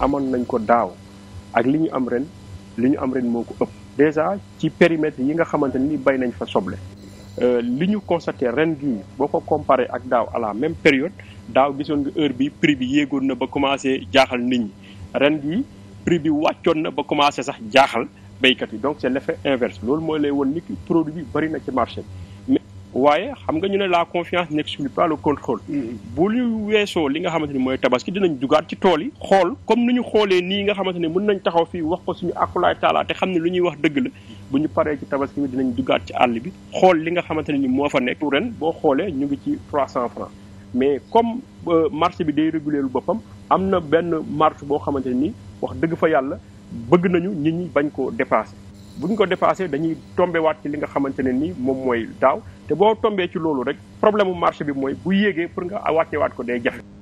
amoon nañ ko daaw ak li ñu am ren li ñu am ren moo ko ëpp déjà ci périmètre yi nga xamante ni bay nañ fa soble euh, li ñu constaté ren gii boo ko comparé ak daaw à la même période daaw gisoon nga heure bi prix bi yéegoon na ba commencé jaaxal nit ñi ren gii prix bi wàccoon na ba commencé sax jaaxal baykat yi donc c'est l'effet inverse loolu mooy lay woon ni produit bi bari na ci marché bi waaye xam nga ñu ne la confiance n'exclut pas le contrôle. Mm-hmm. bu ñu weesoo li nga xamante ni mooy tabaski dinañ jugaat ci tool yi. xool comme nu ñu xoolee nii nga xamante ne mën nañ taxaw fii wax ko suñu akulaay taalaa te xam ne lu ñuy wax dëgg la bu ñu paree ci tabaski bi dinañ jugaat ci àll bi. xool li nga xamante ne ni moo fa nekk. ren boo xoolee ñu ngi ci 300 francs mais comme euh, marché bi day réguler lu boppam am na benn marge boo xamante ne ni wax dëgg fa yàlla bëgg nañu ñi bañ koo dépasser. bu ñu ko dépasser dañuy tombé ci li nga xamante ne ni moom mooy daaw. te boo tombee ci loolu rek problème mu marché bi mooy bu yéegee pour nga waat ko day jafe.